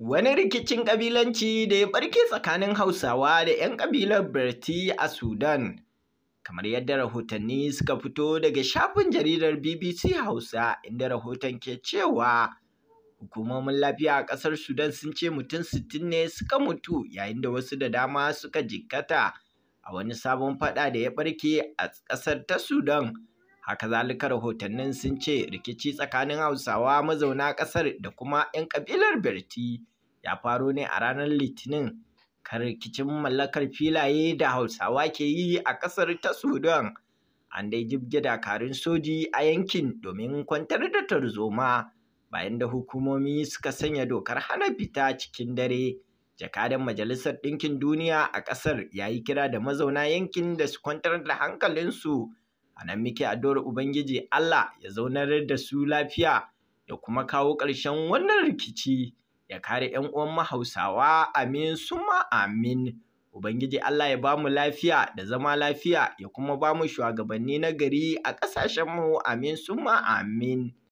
Wani rikicin ƙabilanci da ya ɓarke tsakanin Hausawa da 'yan ƙabilar Berti a Sudan, kamar yadda rahotanni suka fito daga shafin jaridar BBC Hausa inda rahoton ke cewa hukumomin lafiya a ƙasar Sudan sun ce mutum sittin ne suka mutu yayin da wasu da dama suka jikkata a wani sabon faɗa da ya ɓarke a ƙasar ta Sudan haka zalika rahotannin sun ce rikici tsakanin hausawa mazauna ƙasar da kuma 'yan ƙabilar berti ya faro ne a ranar litinin kan rikicin mallakar filaye da hausawa ke yi a ƙasar ta sudan an dai jibge dakarun soji a yankin domin kwantar da tarzoma bayan da hukumomi suka sanya dokar hana fita cikin dare jakadan majalisar ɗinkin duniya a ƙasar ya yi kira da mazauna yankin da su kwantar da hankalinsu a nan muke addu'ar ubangiji Allah ya zaunar da su lafiya ya kuma kawo ƙarshen wannan rikici ya kare 'yan uwan mahausawa amin suma amin ubangiji Allah ya bamu lafiya da zama lafiya ya kuma bamu shugabanni na gari a ƙasashenmu amin suma amin